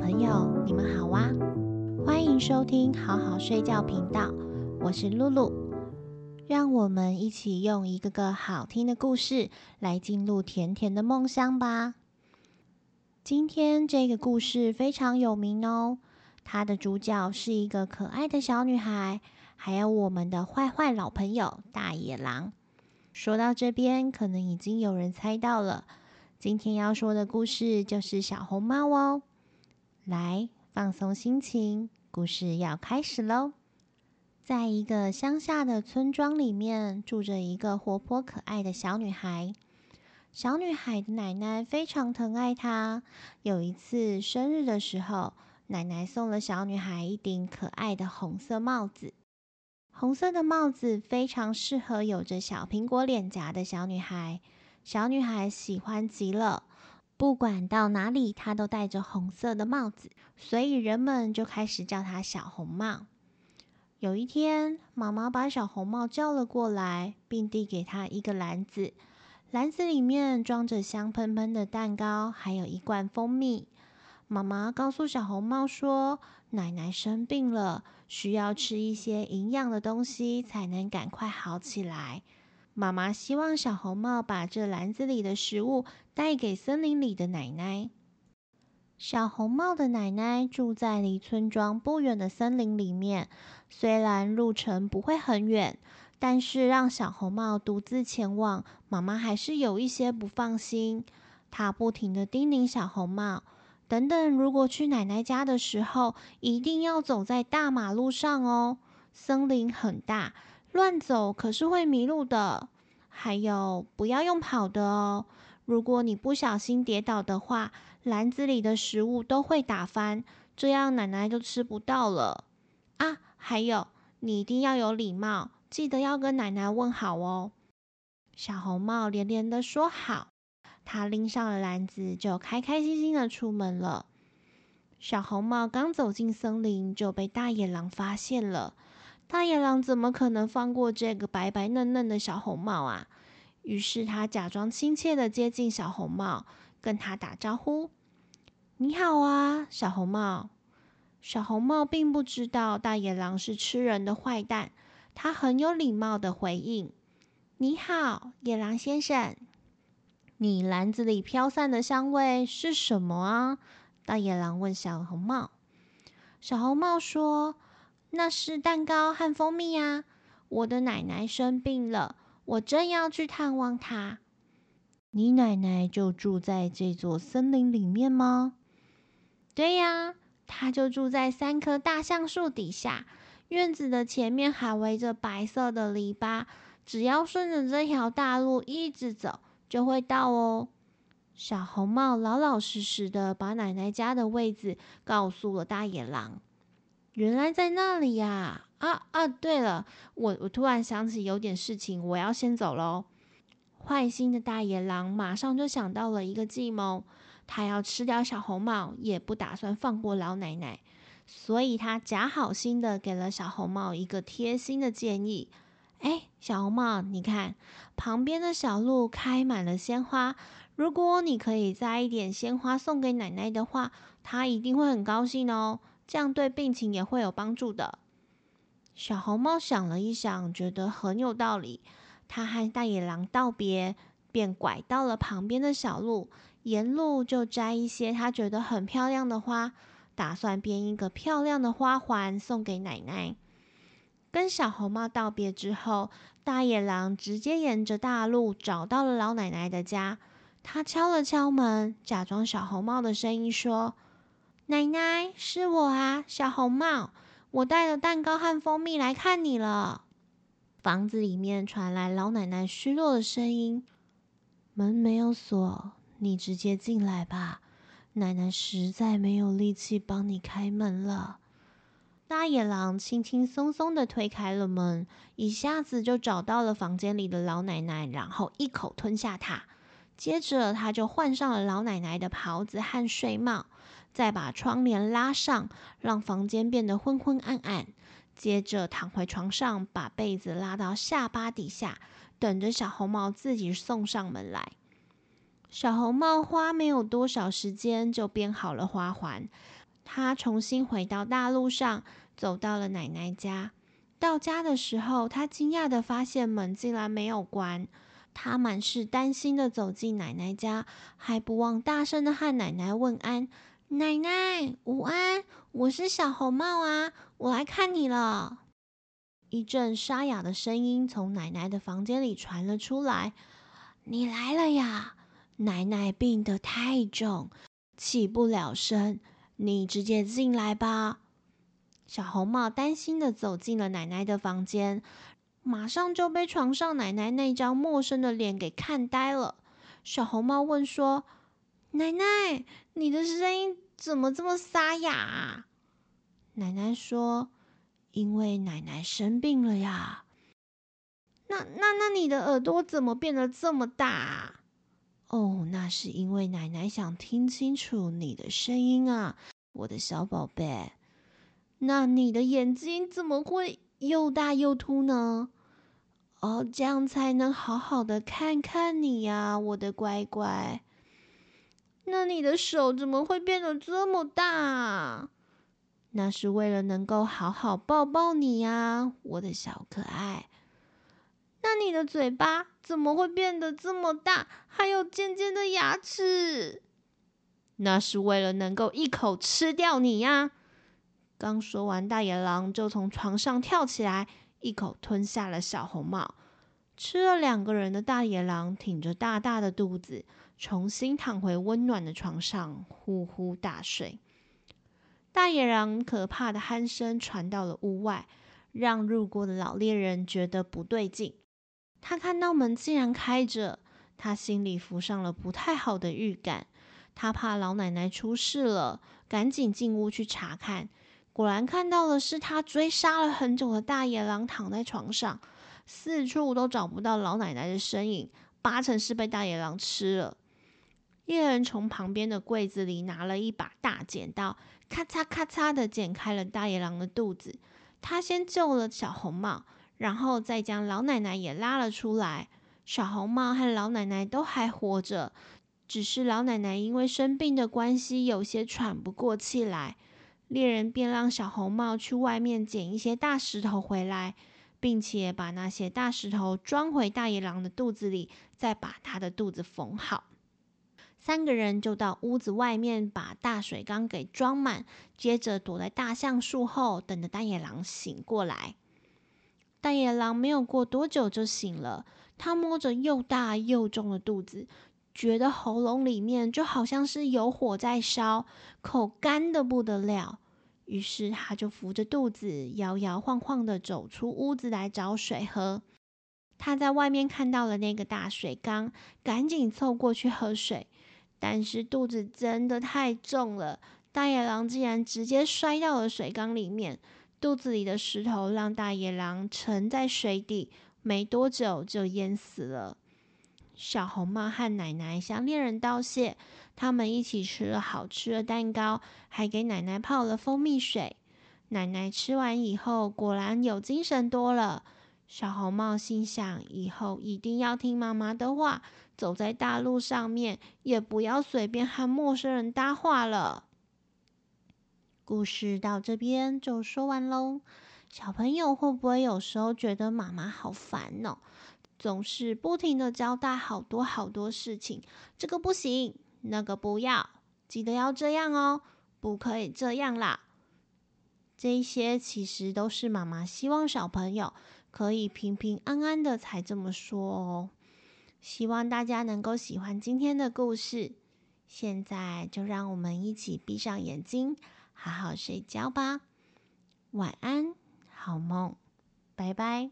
朋友，你們好哇！歡迎收聽好好睡覺頻道，我是露露。讓我們一起用一個個好聽的故事來進入甜甜的夢鄉吧。今天這個故事非常有名哦，它的主角是一個可愛的小女孩，還有我們的壞壞老朋友大野狼。說到這邊，可能已經有人猜到了，今天要說的故事就是小紅帽哦。來放鬆心情，故事要開始嘍！在一個鄉下的村莊裡面，住着一個活潑可愛的小女孩。小女孩的奶奶非常疼愛她。有一次生日的時候，奶奶送了小女孩一頂可愛的紅色帽子。紅色的帽子非常適合有着小蘋果臉頰的小女孩，小女孩喜歡極了。不管到哪裡，他都戴着紅色的帽子，所以人們就開始叫他小紅帽。有一天，媽媽把小紅帽叫了過來，並遞給他一個籃子，籃子裡面裝着香噴噴的蛋糕，還有一罐蜂蜜。媽媽告訴小紅帽說：“奶奶生病了，需要吃一些營養的東西，才能趕快好起來。”媽媽希望小紅帽把這籃子裡的食物帶給森林裡的奶奶。小紅帽的奶奶住在離村莊不遠的森林裡面，雖然路程不會很遠，但是讓小紅帽獨自前往，媽媽還是有一些不放心。她不停的叮嚀小紅帽：“等等，如果去奶奶家的時候，一定要走在大馬路上哦。森林很大，亂走可是會迷路的。”還有，不要用跑的哦。如果你不小心跌倒的話，籃子裡的食物都會打翻，這樣奶奶就吃不到了。啊，還有，你一定要有禮貌，記得要跟奶奶問好哦。小紅帽連連的說好，她拎上了籃子，就開開心心的出門了。小紅帽剛走進森林，就被大野狼發現了。大野狼怎麼可能放過這個白白嫩嫩的小紅帽啊？於是他假裝親切的接近小紅帽，跟他打招呼：“你好啊，小紅帽。”小紅帽並不知道大野狼是吃人的壞蛋，他很有禮貌的回應：“你好，野狼先生。”你籃子裡飄散的香味是什麼啊？大野狼問小紅帽。小紅帽說。那是蛋糕和蜂蜜呀、啊！我的奶奶生病了，我正要去探望她。你奶奶就住在這座森林裡面嗎？對呀、啊，她就住在三棵大橡樹底下。院子的前面還圍着白色的籬笆，只要順着這條大路一直走，就會到哦。小紅帽老老實實的把奶奶家的位置告訴了大野狼。原來在那裡呀！啊啊，對了，我我突然想起有點事情，我要先走嘍。壞心的大野狼馬上就想到了一個計謀，他要吃掉小紅帽，也不打算放過老奶奶，所以他假好心的給了小紅帽一個貼心的建議。哎，小紅帽，你看，旁邊的小路開滿了鮮花，如果你可以摘一點鮮花送給奶奶的話，她一定會很高興哦。這樣對病情也會有幫助的。小紅帽想了一想，覺得很有道理。他和大野狼道別，便拐到了旁邊的小路，沿路就摘一些他覺得很漂亮的花，打算編一個漂亮的花環送給奶奶。跟小紅帽道別之後，大野狼直接沿着大路找到了老奶奶的家。他敲了敲門，假裝小紅帽的聲音說。奶奶，是我啊，小紅帽。我帶了蛋糕和蜂蜜來看你了。房子裡面傳來老奶奶虛弱的聲音：“門沒有鎖，你直接進來吧。”奶奶實在沒有力氣幫你開門了。大野狼輕輕松松的推開了門，一下子就找到了房間裡的老奶奶，然後一口吞下她。接着，他就換上了老奶奶的袍子和睡帽。再把窗簾拉上，讓房間變得昏昏暗暗。接着躺回床上，把被子拉到下巴底下，等着小紅帽自己送上門來。小紅帽花沒有多少時間就編好了花環，她重新回到大路上，走到了奶奶家。到家的時候，她驚訝的發現門竟然沒有關。她滿是擔心的走進奶奶家，還不忘大聲的和奶奶問安。奶奶午安，我是小紅帽啊，我來看你了。一陣沙啞的聲音從奶奶的房間裡傳了出來：“你來了呀，奶奶病得太重，起不了身，你直接進來吧。”小紅帽擔心的走進了奶奶的房間，馬上就被床上奶奶那張陌生的臉給看呆了。小紅帽問說。奶奶，你的聲音怎麼這麼沙啞啊？奶奶說：“因為奶奶生病了呀。”那那那，你的耳朵怎麼變得這麼大啊？哦，那是因為奶奶想聽清楚你的聲音啊，我的小寶貝。那你的眼睛怎麼會又大又凸呢？哦，這樣才能好好的看看你呀，我的乖乖。那你的手怎麼會變得這麼大？那是為了能夠好好抱抱你呀，我的小可愛。那你的嘴巴怎麼會變得這麼大，還有尖尖的牙齒？那是為了能夠一口吃掉你呀！剛說完，大野狼就從床上跳起來，一口吞下了小紅帽。吃了兩個人的大野狼，挺着大大的肚子，重新躺回溫暖的床上，呼呼大睡。大野狼可怕的鼾聲傳到了屋外，讓路過的老獵人覺得不對勁。他看到門竟然開着，他心裡浮上了不太好的預感。他怕老奶奶出事了，趕緊進屋去查看。果然看到的是他追殺了很久的大野狼躺在床上，四處都找不到老奶奶的身影，八成是被大野狼吃了。獵人從旁邊的櫃子裡拿了一把大剪刀，咔嚓咔嚓的剪開了大野狼的肚子。他先救了小紅帽，然後再將老奶奶也拉了出來。小紅帽和老奶奶都還活着，只是老奶奶因為生病的關係有些喘不過氣來。獵人便讓小紅帽去外面撿一些大石頭回來，並且把那些大石頭裝回大野狼的肚子裡，再把他的肚子縫好。三個人就到屋子外面，把大水缸給裝滿，接着躲在大橡樹後，等着大野狼醒過來。大野狼沒有過多久就醒了，他摸着又大又重的肚子，覺得喉嚨裡面就好像是有火在燒，口乾得不得了。於是他就扶着肚子，搖搖晃晃地走出屋子來找水喝。他在外面看到了那個大水缸，趕緊湊過去喝水。但是肚子真的太重了，大野狼竟然直接摔到了水缸裡面。肚子裡的石頭讓大野狼沉在水底，沒多久就淹死了。小紅帽和奶奶向獵人道謝，他們一起吃了好吃的蛋糕，還給奶奶泡了蜂蜜水。奶奶吃完以後，果然有精神多了。小紅帽心想：“以後一定要聽媽媽的話，走在大路上面也不要隨便和陌生人搭話了。”故事到這邊就說完嘍。小朋友會不會有時候覺得媽媽好煩哦？總是不停地交代好多好多事情，這個不行，那個不要，記得要這樣哦，不可以這樣啦。這些其實都是媽媽希望小朋友。可以平平安安的才這麼說哦。希望大家能夠喜歡今天的故事。現在就讓我們一起閉上眼睛，好好睡覺吧。晚安，好夢，拜拜。